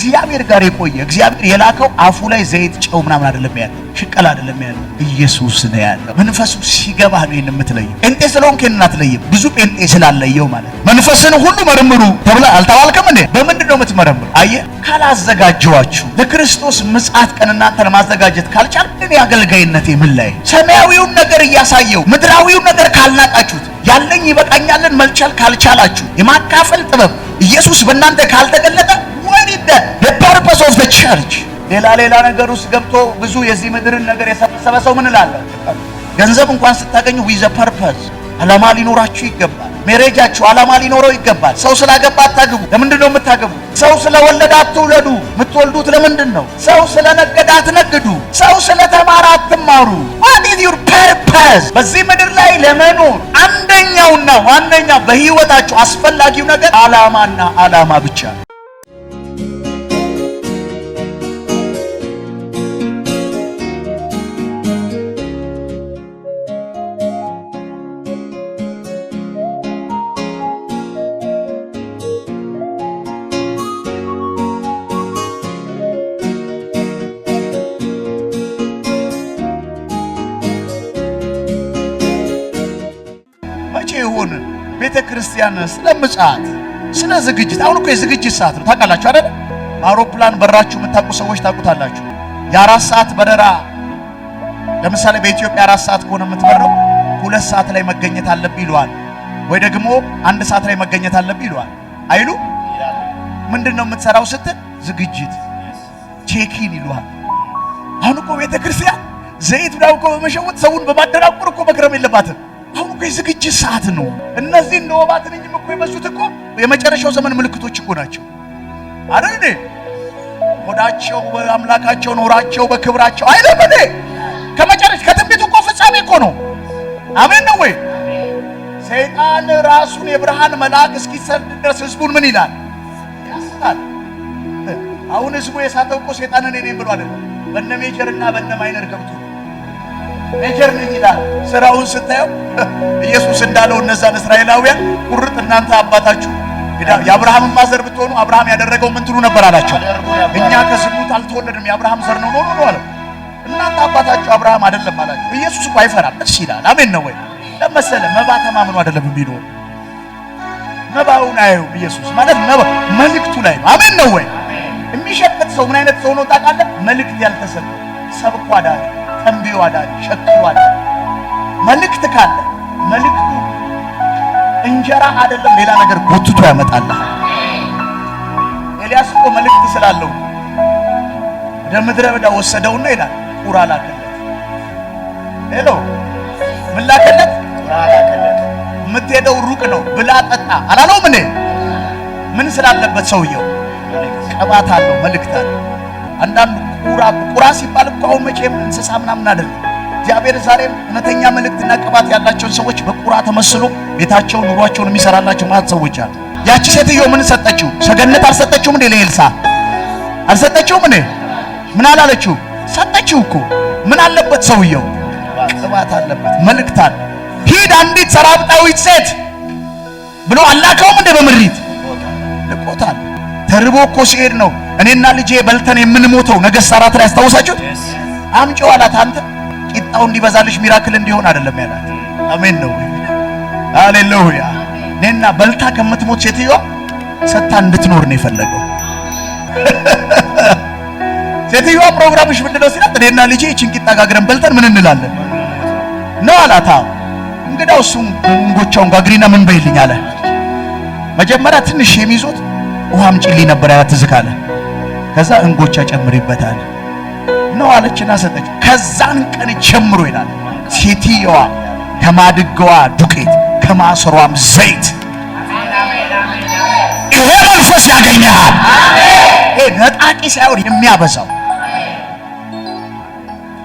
ከእግዚአብሔር ጋር የቆየ እግዚአብሔር የላከው አፉ ላይ ዘይት ጨው ምናምን አይደለም ያለው፣ ሽቀላ አይደለም ያለው፣ ኢየሱስ ነው ያለው። መንፈሱ ሲገባ ነው የምትለየው። ጴንጤ ስለሆንክ አትለይም። ብዙ ጴንጤ ስላለየው ማለት መንፈስን ሁሉ መርምሩ ተብለ አልተባልክም እንዴ? በምንድን ነው የምትመረምሩ? አየ ካላዘጋጀዋችሁ ለክርስቶስ ምጽአት ቀን እናንተን ካልቻል ምን የአገልጋይነት ምን ላይ ሰማያዊውን ነገር እያሳየው ምድራዊውን ነገር ካልናቃችሁት ያለኝ ይበቃኛልን መልቻል ካልቻላችሁ የማካፈል ጥበብ ኢየሱስ በእናንተ ካልተገለጠ the purpose of the church ሌላ ሌላ ነገር ውስጥ ገብቶ ብዙ የዚህ ምድርን ነገር የሰበሰበ ሰው ምን ላለ ገንዘብ እንኳን ስታገኙ ዊዘ ፐርፐስ አላማ ሊኖራችሁ ይገባል። ሜሬጃችሁ አላማ ሊኖረው ይገባል። ሰው ስላገባ አታግቡ። ለምንድን ነው የምታገቡ? ሰው ስለወለደ አትውለዱ። የምትወልዱት ለምንድን ነው? ሰው ስለነገደ አትነግዱ። ሰው ስለተማረ አትማሩ። ዋት ኢዝ ዩር ፐርፐስ? በዚህ ምድር ላይ ለመኖር አንደኛውና ዋነኛ በህይወታችሁ አስፈላጊው ነገር አላማና አላማ ብቻ ነው። ቤተ ክርስቲያን ስለ ምጽአት፣ ስለ ዝግጅት አሁን እኮ የዝግጅት ሰዓት ነው። ታውቃላችሁ አይደል? አውሮፕላን በራችሁ የምታውቁ ሰዎች ታውቁታላችሁ። የአራት ሰዓት በረራ ለምሳሌ በኢትዮጵያ አራት ሰዓት ከሆነ የምትበረው ሁለት ሰዓት ላይ መገኘት አለብህ ይለዋል፣ ወይ ደግሞ አንድ ሰዓት ላይ መገኘት አለብህ ይለዋል። አይሉ ምንድን ነው የምትሰራው ስትል ዝግጅት ቼኪን ይለዋል። አሁን እኮ ቤተ ክርስቲያን ዘይት ብላ እኮ በመሸወት ሰውን በማደናቆር እኮ መክረም የለባትም። አሁን የዝግጅት ሰዓት ነው። እነዚህ እንደ ወባ ትንኝም እኮ የመሱት እኮ የመጨረሻው ዘመን ምልክቶች እኮ ናቸው አይደል እንዴ? ሆዳቸው በአምላካቸው ኖራቸው በክብራቸው አይደል እንዴ? ከመጨረሻ ከትንቢቱ እኮ ፍጻሜ እኮ ነው። አሜን ነው ወይ? ሰይጣን ራሱን የብርሃን መልአክ እስኪሰድ ድረስ ህዝቡን ምን ይላል? ያስታል። አሁን ህዝቡ የሳተው እኮ ሰይጣንን እኔ ብሎ አይደለም፣ በነ ሜጀርና በነ ማይነር ገብቶ ሜጀር ነኝ ይላል። ስራውን ስታየው ኢየሱስ እንዳለው እነዛን እስራኤላውያን ቁርጥ እናንተ አባታችሁ የአብርሃምን ማዘር ብትሆኑ አብርሃም ያደረገው ምን ትሉ ነበር አላቸው። እኛ ከዝሙት አልተወለድም የአብርሃም ዘር ነው ነው አለ። እናንተ አባታችሁ አብርሃም አይደለም አላቸው። ኢየሱስ እኮ አይፈራም፣ እሺ ይላል። አሜን ነው ወይ ለመሰለ መባ ተማምኖ አይደለም የሚኖር መባውን አየውም ኢየሱስ ማለት መባ መልእክቱ ላይ ነው። አሜን ነው ወይ የሚሸቅጥ ሰው ምን አይነት ሰው ነው ታውቃለህ? መልእክት ያልተሰጠው ሰብኳ ዳር ተንቢዮ አዳሪ፣ ሸኪው አዳሪ። መልእክት ካለ መልእክቱ እንጀራ አይደለም፣ ሌላ ነገር ጎትቶ ያመጣልህ። ኤልያስ እኮ መልእክት ስላለው ወደ ምድረ በዳ ወሰደውና ይላል ቁራ ላከለት። ሄሎ ምን ላከለት? የምትሄደው ሩቅ ነው ብላ ጠጣ አላለው። ምን ምን ስላለበት ሰውየው ቅባት አለው፣ መልእክት አለው። አንዳንዱ ቁራ ቁራ ሲባል እኮ አሁን መቼም እንስሳ ምናምን አይደለም። እግዚአብሔር ዛሬም እውነተኛ መልእክትና ቅባት ያላቸውን ሰዎች በቁራ ተመስሎ ቤታቸውን ኑሯቸውን የሚሰራላቸው ማለት ሰዎች አሉ። ያቺ ሴትዮ ምን ሰጠችው? ሰገነት አልሰጠችውም እንዴ? ለኤልሳ አልሰጠችውም እንዴ? ምን አላለችው? ሰጠችው እኮ። ምን አለበት ሰውየው? ቅባት አለበት፣ መልእክት አለ። ሂድ አንዲት ሰራብጣዊት ሴት ብሎ አላከውም እንደ በምሪት ልቆታል። ተርቦ እኮ ሲሄድ ነው እኔና ልጄ በልተን የምንሞተው። ነገሥት አራት ላይ አስታውሳችሁት? አምጪው አላት። አንተ ቂጣው እንዲበዛልሽ ሚራክል እንዲሆን አይደለም ያላት። አሜን ነው። ሃሌሉያ። እኔና በልታ ከምትሞት ሴትዮዋ ሰጥታ እንድትኖር ነው የፈለገው። ሴትዮዋ ፕሮግራምሽ ምንድን ሲላት፣ እኔና ልጄ ይህችን ቂጣ ጋግረን በልተን ምን እንላለን ነው አላታ። እንግዳው እሱን እንጎቻውን ጋግሪና ምን በይልኝ አለ። መጀመሪያ ትንሽ የሚዞት ውሃም ጭሊ ነበር ያትዝካለ ከዛ እንጎቻ ጨምሪበታል ነው አለችና ሰጠች። ከዛን ቀን ጀምሮ ይላል ሴትየዋ ከማድጋዋ ዱቄት ከማሰሯም ዘይት ይሄ መንፈስ ያገኛል። ይሄ ነጣቂ ሳይሆን የሚያበዛው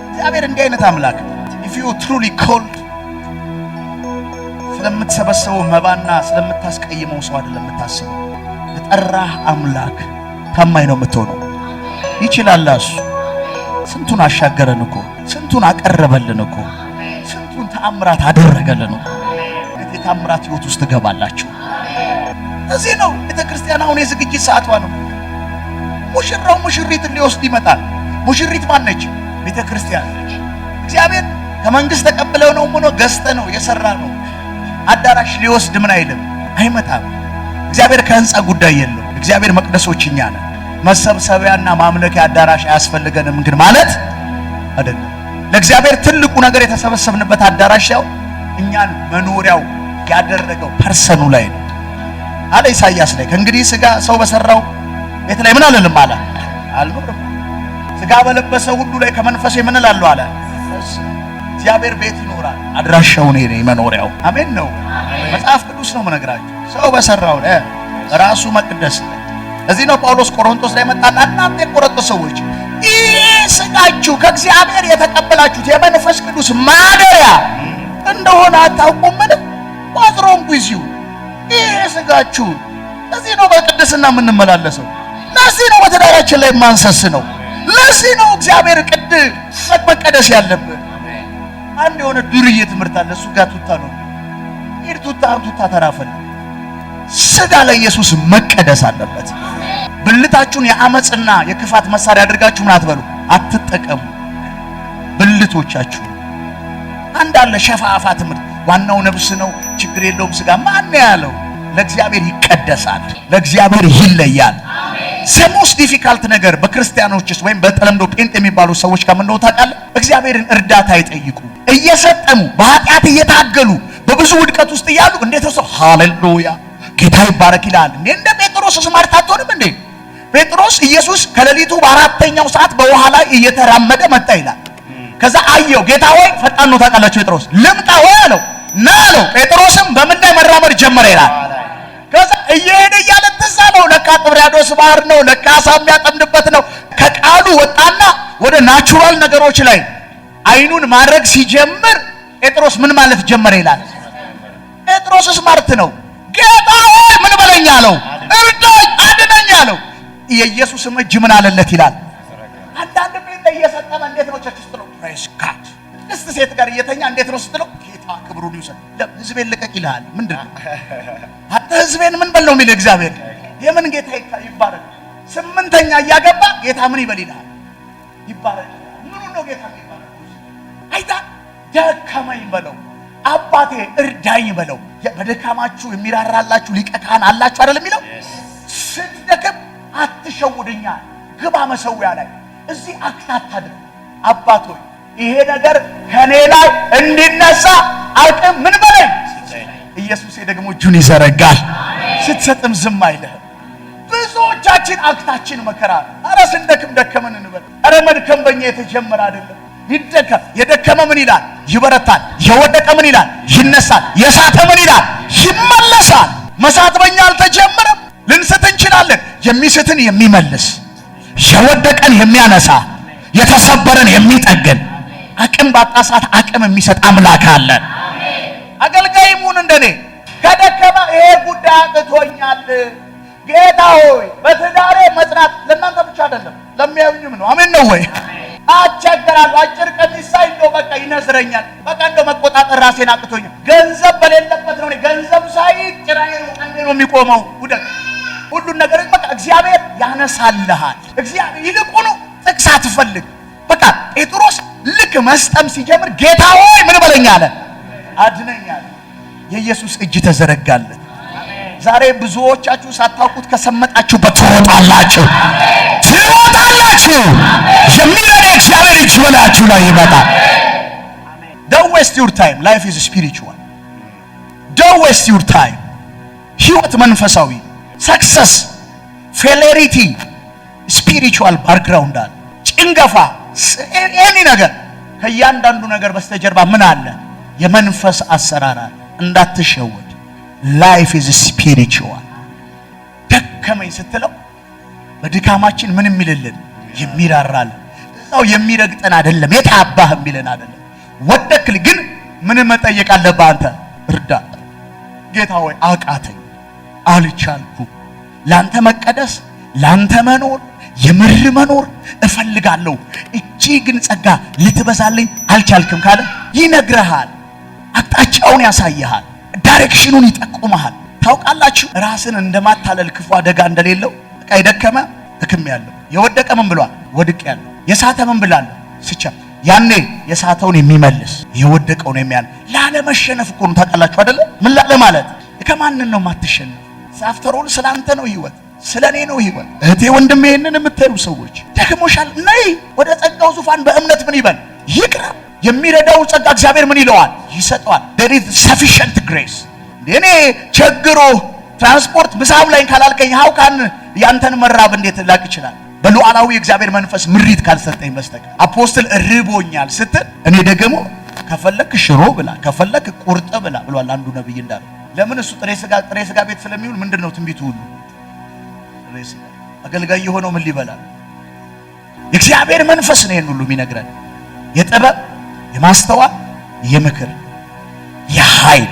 እግዚአብሔር እንዲህ አይነት አምላክ if you truly called ስለምትሰበሰበው መባና ስለምታስቀይመው ሰው አይደለም የምታስበው የጠራህ አምላክ ታማኝ ነው የምትሆነው። ይችላል እሱ። ስንቱን አሻገረን እኮ ስንቱን አቀረበልን እኮ ስንቱን ተአምራት አደረገልን እኮ። የታምራት ህይወት ውስጥ ትገባላችሁ። እዚህ ነው ቤተ ክርስቲያን አሁን የዝግጅት ሰዓቷ ነው። ሙሽራው ሙሽሪት ሊወስድ ይመጣል። ሙሽሪት ማነች? ቤተ ክርስቲያን ነች። እግዚአብሔር ከመንግስት ተቀብለው ነው ሆኖ ገዝተ ነው የሰራ ነው። አዳራሽ ሊወስድ ምን አይልም አይመጣም። እግዚአብሔር ከህንፃ ጉዳይ የለውም። እግዚአብሔር መቅደሶች እኛ ነን። መሰብሰቢያና ማምለኪያ አዳራሽ አያስፈልገንም ግን ማለት አይደለም። ለእግዚአብሔር ትልቁ ነገር የተሰበሰብንበት አዳራሽ ያው እኛን መኖሪያው ያደረገው ፐርሰኑ ላይ ነው አለ ኢሳይያስ ላይ ከእንግዲህ ስጋ ሰው በሰራው ቤት ላይ ምን አለልም አለ አልኖርም። ስጋ በለበሰ ሁሉ ላይ ከመንፈሴ ምን እላለሁ አለ። እግዚአብሔር ቤት ይኖራል፣ አድራሻው እኔ ነኝ፣ መኖሪያው አሜን ነው መጽሐፍ ቅዱስ ነው መነግራችሁ ሰው በሰራው ላይ ራሱ መቅደስ ላይ እዚህ ነው ጳውሎስ ቆሮንቶስ ላይ መጣና እናንተ የቆሮንቶስ ሰዎች ይህ ስጋችሁ ከእግዚአብሔር የተቀበላችሁት የመንፈስ ቅዱስ ማደሪያ እንደሆነ አታውቁምን? ዋዝሮም ጉዚሁ ይህ ስጋችሁ እዚህ ነው በቅድስና የምንመላለሰው። ለዚህ ነው በትዳራችን ላይ ማንሰስ ነው። ለዚህ ነው እግዚአብሔር ቅድ መቀደስ ያለብን። አንድ የሆነ ዱርዬ ትምህርት አለ። እሱ ጋር ቱታ ነው ኤርቱታ አርቱታ ተራፈን ስጋ ለኢየሱስ መቀደስ አለበት። ብልታችሁን የአመፅና የክፋት መሳሪያ አድርጋችሁ ምን አትበሉ፣ አትጠቀሙ። ብልቶቻችሁ አንድ አለ ሸፋፋ ትምህርት፣ ዋናው ነብስ ነው፣ ችግር የለውም ስጋ። ማን ያለው? ለእግዚአብሔር ይቀደሳል፣ ለእግዚአብሔር ይለያል። ሰሞስ ዲፊካልት ነገር በክርስቲያኖች ውስጥ ወይም በተለምዶ ጴንጤ የሚባሉ ሰዎች ከምንድነው ታውቃለህ? እግዚአብሔርን እርዳታ አይጠይቁ እየሰጠሙ በኃጢአት እየታገሉ በብዙ ውድቀት ውስጥ እያሉ እንዴት ሰው ሃሌሉያ ጌታ ይባረክ ይላል። እንዴ? እንደ ጴጥሮስ ስማርት አትሆንም እንዴ? ጴጥሮስ ኢየሱስ ከሌሊቱ በአራተኛው ሰዓት በውሃ ላይ እየተራመደ መጣ ይላል። ከዛ አየው። ጌታ ሆይ ፈጣን ነው ታውቃላችሁ፣ ጴጥሮስ ልምጣ ሆይ አለው። ና አለው። ጴጥሮስም በምን ላይ መራመድ ጀመረ ይላል። ከዛ እየሄደ እያለ ትዝ ነው ለካ ጥብርያዶስ ባህር ነው፣ ለካ አሳ የሚያጠምድበት ነው። ከቃሉ ወጣና ወደ ናቹራል ነገሮች ላይ አይኑን ማድረግ ሲጀምር ጴጥሮስ ምን ማለት ጀመረ ይላል ጴጥሮስ ማርት ነው። ጌታ ሆይ ምን በለኝ አለው። እርዳኝ፣ አድነኝ አለው። የኢየሱስም እጅ ምን አለለት ይላል። አንዳንድ ቤት እየሰጠመ እንዴት ነው ቸርች ስትለው ፕሬስ ጋድ እስቲ ሴት ጋር እየተኛ እንዴት ነው ስትለው ጌታ ክብሩን ይውሰድ፣ ህዝቤን ልቀቅ ይልሃል። ምንድን ነው አንተ ህዝቤን ምን በለው የሚል እግዚአብሔር የምን ጌታ ስምንተኛ እያገባ ጌታ ምን ይበል ይልሃል፣ ምኑ ነው ጌታ አይታ ደከመኝ በለው አባቴ እርዳኝ በለው። በደካማችሁ የሚራራላችሁ ሊቀ ካህን አላችሁ አይደል የሚለው ስትደክም አትሸውድኛ ግባ መሰዊያ ላይ እዚህ አክታት አባት ሆይ ይሄ ነገር ከኔ ላይ እንዲነሳ አቅም ምን በለኝ። ኢየሱስ ደግሞ እጁን ይዘረጋል፣ ስትሰጥም ዝም አይልህም። ብዙዎቻችን አክታችን መከራ። ኧረ ስንደክም ደከመን እንበል። ኧረ መድከም የተጀመረ አይደለም። ቢደከም የደከመ ምን ይላል? ይበረታል። የወደቀ ምን ይላል? ይነሳል። የሳተ ምን ይላል? ይመለሳል። መሳት በኛ አልተጀመረም። ልንስት እንችላለን። የሚስትን የሚመልስ የወደቀን የሚያነሳ የተሰበረን የሚጠግን አቅም ባጣ ሰዓት አቅም የሚሰጥ አምላክ አለ። አገልጋይ ሙን እንደኔ ከደከመ ይሄ ጉዳይ አቅቶኛል ጌታ ሆይ በትዳሬ መጽናት ለእናንተ ብቻ አይደለም ለሚያዩኝም ነው። አሜን ነው ወይ? አቸገራለሁ። አጭር ቀን ሲሳይ እንደው በቃ ይነስረኛል። በቃ እንደው መቆጣጠር ራሴን አቅቶኛል። ገንዘብ በሌለበት ነው። ገንዘብ ሳይ ጭራዬ ነው ቀንዴ ነው የሚቆመው። ሁሉን ነገር በቃ እግዚአብሔር ያነሳልሃል። እግዚአብሔር ይልቁኑ ጥቅስ አትፈልግ። በቃ ጴጥሮስ ልክ መስጠም ሲጀምር ጌታ ሆይ ምን አለ፣ የኢየሱስ እጅ ተዘረጋለት። ዛሬ ብዙዎቻችሁ ሳታውቁት ከሰመጣችሁበት ትወጣላችሁ፣ ትወጣላችሁ። የሚረዳ እግዚአብሔር እጅ በላያችሁ ላይ ይመጣል። ዶንት ዌስት ዩር ታይም ላይፍ ኢዝ ስፒሪቹዋል። ዶንት ዌስት ዩር ታይም። ህይወት መንፈሳዊ ሰክሰስ፣ ፌሌሪቲ ስፒሪቹዋል ባክግራውንድ አለ። ጭንገፋ፣ ኤኒ ነገር ከእያንዳንዱ ነገር በስተጀርባ ምን አለ? የመንፈስ አሰራር አለ። እንዳትሸወድ ላይፍ ኢዝ ስፒሪቹዋል። ደከመኝ ስትለው በድካማችን ምን የሚልልን የሚራራል ሰው የሚረግጠን አይደለም። የት አባህ የሚለን አይደለም። ወደክል ግን ምን መጠየቅ አለብህ አንተ? እርዳታ። ጌታ ሆይ አቃተኝ፣ አልቻልኩም። ላንተ መቀደስ፣ ላንተ መኖር፣ የምር መኖር እፈልጋለሁ። እቺ ግን ጸጋ ልትበዛልኝ አልቻልክም ካለ ይነግረሃል፣ አቅጣጫውን ያሳይሃል። ዳይሬክሽኑን ይጠቁመሃል። ታውቃላችሁ ራስን እንደማታለል ክፉ አደጋ እንደሌለው። በቃ የደከመ ህክም ያለው የወደቀ ምን ብሏል? ወድቅ ያለው የሳተ ምን ብላለሁ ስቻ ያኔ የሳተውን የሚመልስ የወደቀውን የሚያል ላለመሸነፍ እኮ ነው። ታውቃላችሁ አይደለ? ምን ላለ ማለት ከማንን ነው ማትሸነፍ? አፍተሮል ስለ አንተ ነው ህይወት፣ ስለ እኔ ነው ህይወት። እህቴ ወንድሜ፣ ይህንን የምታዩ ሰዎች ደክሞሻል፣ ነይ ወደ ጸጋው ዙፋን በእምነት ምን ይበል ይቅረብ የሚረዳው ጸጋ እግዚአብሔር ምን ይለዋል? ይሰጠዋል። there is sufficient grace እኔ ቸግሮ ትራንስፖርት ምሳም ላይ ካላልከኝ ሀው ካን ያንተን መራብ እንዴት ላቅ ይችላል? በሉዓላዊ እግዚአብሔር መንፈስ ምሪት ካልሰጠኝ በስተቀር አፖስትል ርቦኛል ስትል እኔ ደግሞ ከፈለክ ሽሮ ብላ ከፈለክ ቁርጥ ብላ ብሏል አንዱ ነብይ እንዳለ። ለምን እሱ ጥሬ ስጋ ጥሬ ስጋ ቤት ስለሚውል ምንድን ነው ትንቢቱ ሁሉ ጥሬ ስጋ። አገልጋይ የሆነው ምን ሊበላ? የእግዚአብሔር መንፈስ ነው ይሄን ሁሉ የሚነግረን የጥበብ የማስተዋል የምክር የኃይል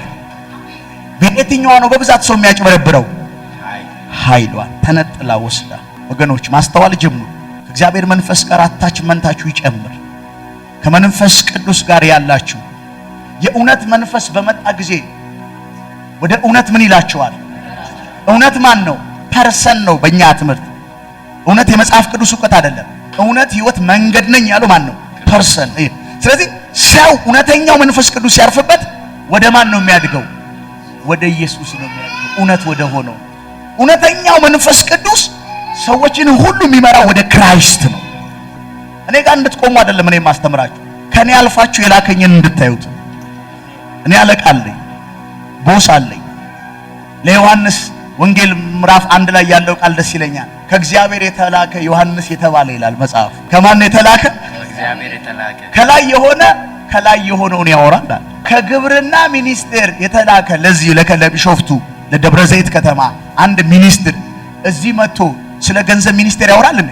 በየትኛዋ ነው በብዛት ሰው የሚያጭበረብረው? ኃይሏን ተነጥላ ወስዳ። ወገኖች ማስተዋል ጀምሩ። ከእግዚአብሔር መንፈስ ጋር አታች መንታችሁ ይጨምር። ከመንፈስ ቅዱስ ጋር ያላችሁ የእውነት መንፈስ በመጣ ጊዜ ወደ እውነት ምን ይላችኋል? እውነት ማን ነው? ፐርሰን ነው። በእኛ ትምህርት እውነት የመጽሐፍ ቅዱስ እውቀት አይደለም። እውነት ህይወት መንገድ ነኝ ያለው ማን ነው? ፐርሰን ስለዚህ ሰው እውነተኛው መንፈስ ቅዱስ ሲያርፍበት ወደ ማን ነው የሚያድገው? ወደ ኢየሱስ ነው የሚያድገው። እውነት ወደ ሆነው እውነተኛው መንፈስ ቅዱስ ሰዎችን ሁሉ የሚመራው ወደ ክራይስት ነው። እኔ ጋር እንድትቆሙ አይደለም እኔ የማስተምራችሁ፣ ከኔ አልፋችሁ የላከኝን እንድታዩት። እኔ አለቃ ቦስ አለኝ። ለዮሐንስ ወንጌል ምዕራፍ አንድ ላይ ያለው ቃል ደስ ይለኛል። ከእግዚአብሔር የተላከ ዮሐንስ የተባለ ይላል መጽሐፍ። ከማን የተላከ ከላይ የሆነ ከላይ የሆነውን ያወራል። ከግብርና ሚኒስቴር የተላከ ለዚህ ለቢሾፍቱ ለደብረ ዘይት ከተማ አንድ ሚኒስትር እዚህ መጥቶ ስለ ገንዘብ ሚኒስቴር ያወራል እንዴ?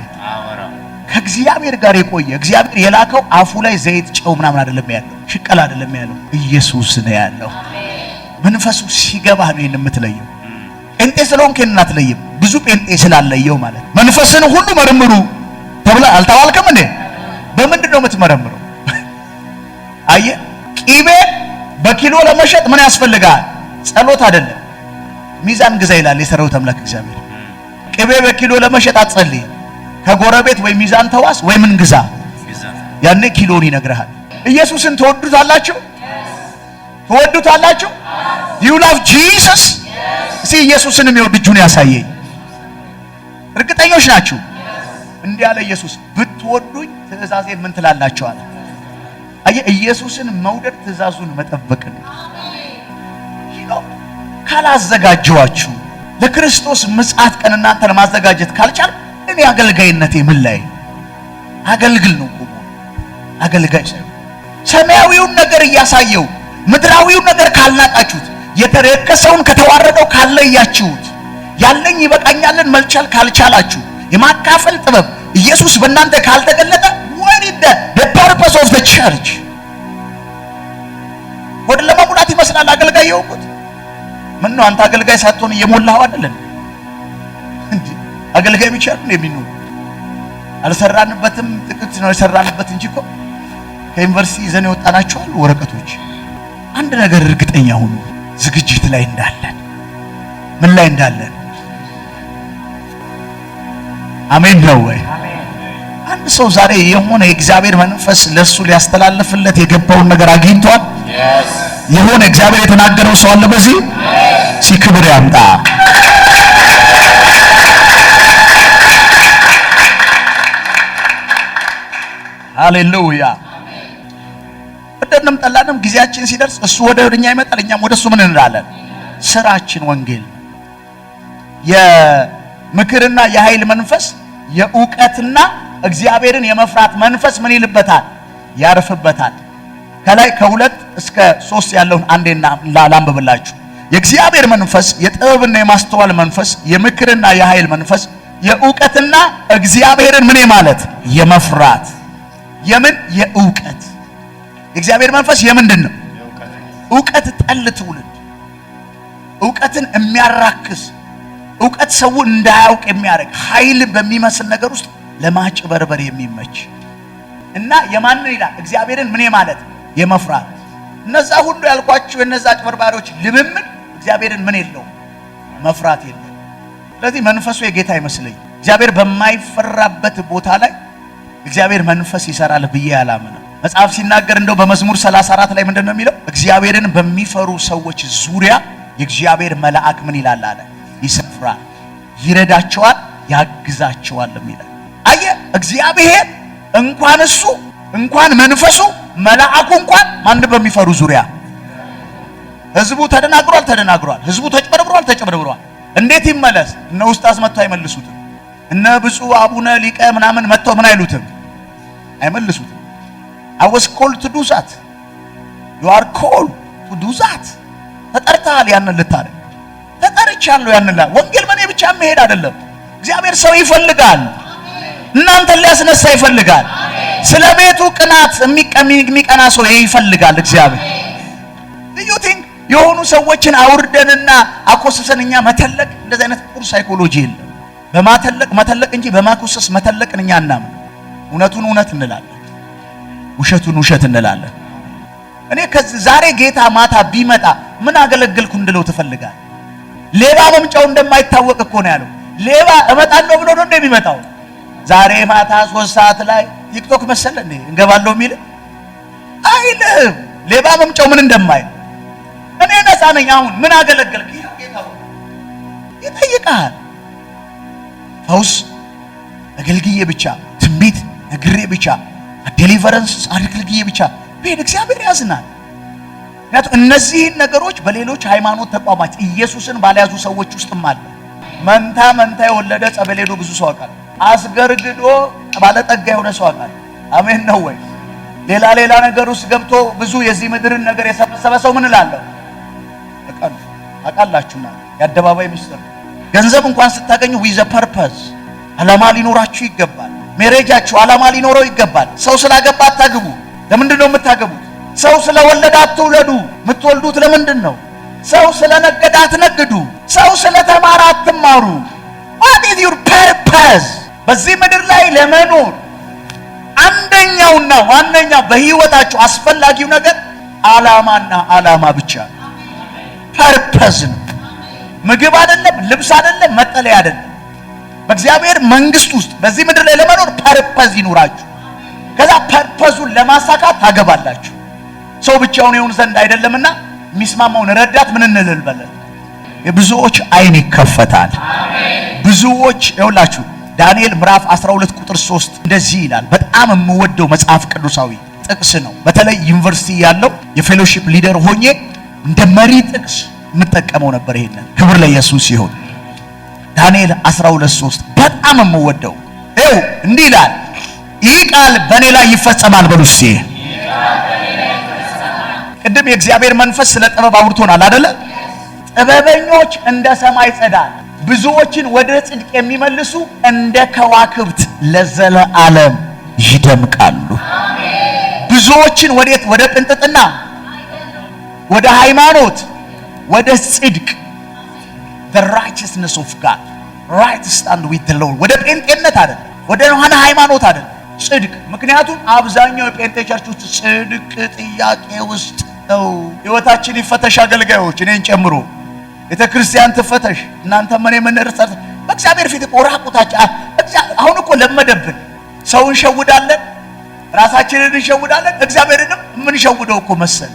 ከእግዚአብሔር ጋር የቆየ እግዚአብሔር የላከው አፉ ላይ ዘይት ጨው ምናምን አይደለም ያለው፣ ሽቀል አይደለም ያለው፣ ኢየሱስ ነው ያለው። መንፈሱ ሲገባ ነው የምትለየው። ጴንጤ ስለሆንክ አትለይም። ብዙ ጴንጤ ስላለየው ማለት መንፈስን ሁሉ መርምሩ ተብላ አልተባልክም እንዴ? በምንድን ነው የምትመረምረው? አየ ቂቤ በኪሎ ለመሸጥ ምን ያስፈልጋል? ጸሎት አይደለም ሚዛን ግዛ ይላል የሰራዊት አምላክ እግዚአብሔር። ቅቤ በኪሎ ለመሸጥ አትጸልይ። ከጎረቤት ወይ ሚዛን ተዋስ ወይ ምን ግዛ፣ ያኔ ኪሎን ይነግርሃል። ኢየሱስን ትወዱታላችሁ? ትወዱታላችሁ? ዩ ላቭ ጂሰስ። እስኪ ኢየሱስንም የወድ እጁን ያሳየኝ። እርግጠኞች ናችሁ? እንዲህ አለ ኢየሱስ፣ ብትወዱኝ ትእዛዜን ምን ትላላችሁ አለ። አየ ኢየሱስን መውደድ ትእዛዙን መጠበቅ ነው። ካላዘጋጀዋችሁ ለክርስቶስ ምጽአት ቀን እናንተ ለማዘጋጀት ካልቻል እኔ አገልጋይነቴ ምን ላይ አገልግል ነው ቆሞ አገልጋይ ሰማያዊውን ነገር እያሳየው ምድራዊውን ነገር ካልናቃችሁት የተረከሰውን ከተዋረደው ካለያችሁት ያለኝ ይበቃኛልን መልቻል ካልቻላችሁ የማካፈል ጥበብ ኢየሱስ በእናንተ ካልተገለጠ ወሪደ ፐርፐስ ኦፍ ዘ ቸርች ወደ ለመሙላት ይመስላል። አገልጋይ የሆንኩት ምን ነው? አንተ አገልጋይ ሳትሆን እየሞላው አይደለም እንዴ? አገልጋይ ብቻ ነው የሚኖር። አልሰራንበትም፣ ጥቅት ነው የሰራንበት እንጂ እኮ ከዩኒቨርሲቲ ይዘን የወጣናቸዋል ወረቀቶች። አንድ ነገር እርግጠኛ ሁኑ፣ ዝግጅት ላይ እንዳለን ምን ላይ እንዳለን አሜን ነው ወይ? አንድ ሰው ዛሬ የሆነ የእግዚአብሔር መንፈስ ለሱ ሊያስተላልፍለት የገባውን ነገር አግኝቷል። የሆነ እግዚአብሔር የተናገረው ሰው አለ። በዚህ ሲክብር ያምጣ። ሃሌሉያ። ወደንም ጠላንም ጊዜያችን ሲደርስ እሱ ወደ እኛ ይመጣል፣ እኛም ወደ እሱ ምን እንላለን? ስራችን ወንጌል የምክርና የኃይል መንፈስ የእውቀትና እግዚአብሔርን የመፍራት መንፈስ ምን ይልበታል? ያርፍበታል። ከላይ ከሁለት እስከ ሶስት ያለውን አንዴና ላንብብላችሁ። የእግዚአብሔር መንፈስ የጥበብና የማስተዋል መንፈስ፣ የምክርና የኃይል መንፈስ፣ የእውቀትና እግዚአብሔርን ምን ማለት የመፍራት የምን የእውቀት የእግዚአብሔር መንፈስ የምንድን ነው? እውቀት ጠል ትውልድ እውቀትን የሚያራክስ እውቀት ሰው እንዳያውቅ የሚያደርግ ኃይል በሚመስል ነገር ውስጥ ለማጭበርበር የሚመች እና የማንን ይላል እግዚአብሔርን ምን ማለት የመፍራት እነዛ ሁሉ ያልኳችሁ የነዛ ጭበርባሪዎች ልምምድ እግዚአብሔርን ምን የለው? መፍራት የለ ስለዚህ መንፈሱ የጌታ አይመስለኝ እግዚአብሔር በማይፈራበት ቦታ ላይ እግዚአብሔር መንፈስ ይሰራል ብዬ ያላምነ መጽሐፍ ሲናገር እንደው በመዝሙር 34 ላይ ምንድን ነው የሚለው? እግዚአብሔርን በሚፈሩ ሰዎች ዙሪያ የእግዚአብሔር መልአክ ምን ይላል አለ ይሰፍራል፣ ይረዳቸዋል፣ ያግዛቸዋል ይላል። አየ እግዚአብሔር እንኳን እሱ እንኳን መንፈሱ መልአኩ እንኳን ማን በሚፈሩ ዙሪያ ህዝቡ ተደናግሯል ተደናግሯል። ህዝቡ ተጭበርብሯል ተጭበርብሯል። እንዴት ይመለስ? እነ ውስጣዝ መጥተው አይመልሱትም። እነ ብፁዕ አቡነ ሊቀ ምናምን መጥተው ምን አይሉትም፣ አይመልሱትም። አወስ ኮል ቱ ዱ ዩ አር ኮል ቱ ዱ ተጠርተሃል ያንን ልታደርግ ተጠርቻለሁ። ያንላ ወንጌል በእኔ ብቻ መሄድ አይደለም። እግዚአብሔር ሰው ይፈልጋል። እናንተ ሊያስነሳ ይፈልጋል። ስለ ቤቱ ቅናት የሚቀና ሰው ይፈልጋል እግዚአብሔር። ዩ ቲንክ የሆኑ ሰዎችን አውርደንና አኮስሰን እኛ መተለቅ፣ እንደዚህ አይነት ጥሩ ሳይኮሎጂ የለም። በማተለቅ መተለቅ እንጂ በማኮሰስ መተለቅን እኛ እናምን። እውነቱን እውነት እንላለን፣ ውሸቱን ውሸት እንላለን። እኔ ከዚህ ዛሬ ጌታ ማታ ቢመጣ ምን አገለግልኩ እንድለው ትፈልጋል ሌባ መምጫው እንደማይታወቅ እኮ ነው ያለው። ሌባ እመጣለሁ ብሎ ነው እንደሚመጣው። ዛሬ ማታ ሶስት ሰዓት ላይ ቲክቶክ መሰለ እንዴ እንገባለሁ የሚል አይልም። ሌባ መምጫው ምን እንደማይ እኔ ነፃ ነኝ። አሁን ምን አገለገልክ? ይጠይቃል። ፈውስ አገልግዬ ብቻ ትንቢት ነግሬ ብቻ ዴሊቨረንስ አድርግልግዬ ብቻ ቤን እግዚአብሔር ያዝናል። ምክንያቱም እነዚህን ነገሮች በሌሎች ሃይማኖት ተቋማት ኢየሱስን ባልያዙ ሰዎች ውስጥም አለ። መንታ መንታ የወለደ ጸበል ሄዶ ብዙ ሰው አውቃል። አስገርግዶ ባለጠጋ የሆነ ሰው አውቃል። አሜን ነው ወይ? ሌላ ሌላ ነገር ውስጥ ገብቶ ብዙ የዚህ ምድርን ነገር የሰበሰበ ሰው ምን እላለሁ? ተቀን አቃላችሁና የአደባባይ ምስጢር ገንዘብ እንኳን ስታገኙ ዊዘ ፐርፐዝ አላማ ሊኖራችሁ ይገባል። ሜሬጃችሁ አላማ ሊኖረው ይገባል። ሰው ስላገባ አታግቡ። ለምንድን ነው የምታገቡት? ሰው ስለወለደ አትውለዱ። የምትወልዱት ለምንድን ነው? ሰው ስለነገደ አትነግዱ። ሰው ስለተማረ አትማሩ። what is your purpose በዚህ ምድር ላይ ለመኖር አንደኛውና ዋነኛው በህይወታችሁ አስፈላጊው ነገር አላማና አላማ ብቻ ነው። ፐርፐዝ ነው። ምግብ አይደለም፣ ልብስ አይደለም፣ መጠለያ አይደለም። በእግዚአብሔር መንግስት ውስጥ በዚህ ምድር ላይ ለመኖር ፐርፐዝ ይኑራችሁ። ከዛ ፐርፐዙን ለማሳካት ታገባላችሁ። ሰው ብቻውን ይሁን ዘንድ አይደለምና የሚስማማውን ረዳት ምን እንልልበለን? የብዙዎች አይን ይከፈታል። ብዙዎች ይኸውላችሁ ዳንኤል ምዕራፍ 12 ቁጥር 3 እንደዚህ ይላል። በጣም የምወደው መጽሐፍ ቅዱሳዊ ጥቅስ ነው። በተለይ ዩኒቨርሲቲ ያለው የፌሎሺፕ ሊደር ሆኜ እንደ መሪ ጥቅስ የምጠቀመው ነበር። ይሄንን ክብር ለኢየሱስ ይሁን። ዳንኤል 12 3 በጣም የምወደው ይኸው እንዲህ ይላል፣ ይህ ቃል በእኔ ላይ ይፈጸማል በሉሴ ቅድም የእግዚአብሔር መንፈስ ስለ ጥበብ አውርቶናል አደለ? ጥበበኞች እንደ ሰማይ ጸዳል ብዙዎችን ወደ ጽድቅ የሚመልሱ እንደ ከዋክብት ለዘለዓለም ይደምቃሉ። ብዙዎችን ወዴት? ወደ ቅንጥጥና፣ ወደ ሃይማኖት፣ ወደ ጽድቅ the righteousness of God right stand with the Lord ወደ ጴንጤነት አይደል፣ ወደ ሆነ ሃይማኖት አይደል፣ ጽድቅ። ምክንያቱም አብዛኛው የጴንጤ ቸርች ውስጥ ጽድቅ ጥያቄ ውስጥ ነው። ህይወታችን ይፈተሽ፣ አገልጋዮች እኔን ጨምሮ ቤተ ክርስቲያን ትፈተሽ። እናንተ ምን የምንርሰት በእግዚአብሔር ፊት እኮ አሁን እኮ ለመደብን። ሰው እንሸውዳለን፣ ራሳችንን እንሸውዳለን፣ እግዚአብሔርንም የምንሸውደው እኮ መሰል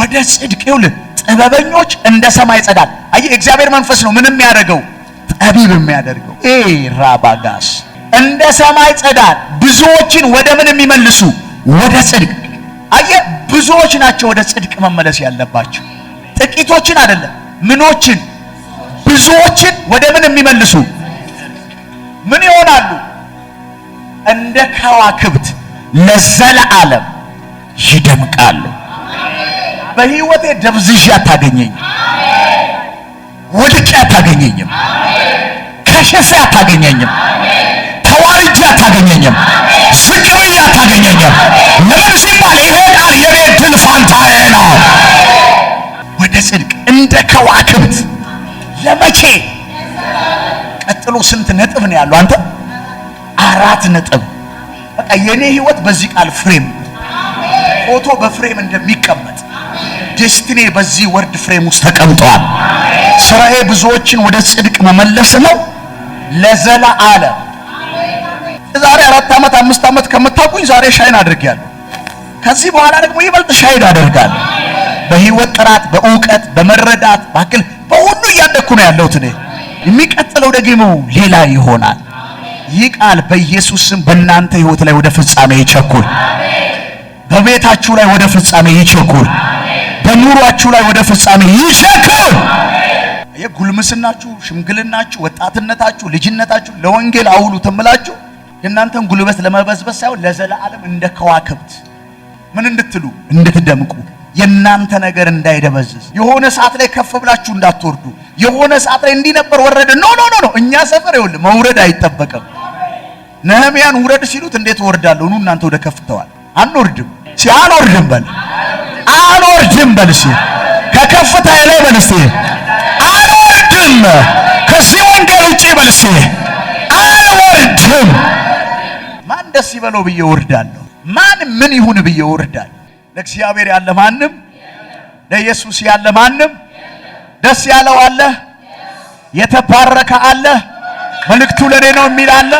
ወደ ጽድቅ ይውል። ጥበበኞች እንደ ሰማይ ጸዳል። አይ እግዚአብሔር መንፈስ ነው ምንም የሚያደርገው ጠቢብ የሚያደርገው ራባጋስ እንደ ሰማይ ጸዳል ብዙዎችን ወደ ምን የሚመልሱ ወደ ጽድቅ አየ ብዙዎች ናቸው ወደ ጽድቅ መመለስ ያለባቸው፣ ጥቂቶችን አይደለም። ምኖችን? ብዙዎችን ወደ ምን የሚመልሱ ምን ይሆናሉ? እንደ ከዋክብት ለዘለዓለም ይደምቃሉ። በህይወቴ ደብዝዣ አታገኘኝም፣ ወድቄ አታገኘኝም፣ ከሸፌ አታገኘኝም፣ ተዋርጄ አታገኘኝም፣ ስቅብዬ አታገኘኝም። ለምን ሲባል እንደ ከዋክብት ለመቼ ቀጥሎ ስንት ነጥብ ነው ያለው? አንተ አራት ነጥብ። በቃ የኔ ህይወት በዚህ ቃል ፍሬም ፎቶ በፍሬም እንደሚቀመጥ ዴስቲኔ በዚህ ወርድ ፍሬም ውስጥ ተቀምጠዋል። ስራዬ ብዙዎችን ወደ ጽድቅ መመለስ ነው ለዘላ አለ። ዛሬ አራት ዓመት አምስት ዓመት ከምታውቁኝ ዛሬ ሻይን አድርጌያለሁ። ከዚህ በኋላ ደግሞ ይበልጥ ሻይን አደርጋለሁ። በህይወት ጥራት፣ በእውቀት፣ በመረዳት ባክል በሁሉ እያደኩ ነው ያለሁት እኔ። የሚቀጥለው ደግሞ ሌላ ይሆናል። ይህ ቃል በኢየሱስ በእናንተ ህይወት ላይ ወደ ፍጻሜ ይቸኩል። በቤታችሁ ላይ ወደ ፍጻሜ ይቸኩል። በኑሯችሁ ላይ ወደ ፍጻሜ ይቸኩል። የጉልምስናችሁ፣ ሽምግልናችሁ፣ ወጣትነታችሁ፣ ልጅነታችሁ ለወንጌል አውሉ ተምላችሁ የእናንተን ጉልበት ለመበዝበዝ ሳይሆን ለዘላለም እንደ ከዋክብት ምን እንድትሉ እንድትደምቁ የእናንተ ነገር እንዳይደበዝዝ የሆነ ሰዓት ላይ ከፍ ብላችሁ እንዳትወርዱ። የሆነ ሰዓት ላይ እንዲህ ነበር ወረደ። ኖ ኖ ኖ፣ ኖ እኛ ሰፈር ይወል መውረድ አይጠበቅም። ነህሚያን ውረድ ሲሉት እንዴት እወርዳለሁ? ኑ እናንተ ወደ ከፍተዋል። አንወርድም። ሲ አልወርድም በል አልወርድም በል ሲ ከከፍታ ላይ በል ሲ አልወርድም። ከሲኦል ገልጬ በል ሲ አልወርድም። ማን ደስ ይበለው ብዬ እወርዳለሁ? ማን ምን ይሁን ብዬ እወርዳለሁ? ለእግዚአብሔር ያለ ማንም፣ ለኢየሱስ ያለ ማንም። ደስ ያለው አለ፣ የተባረከ አለ፣ መልእክቱ ለኔ ነው የሚል አለ።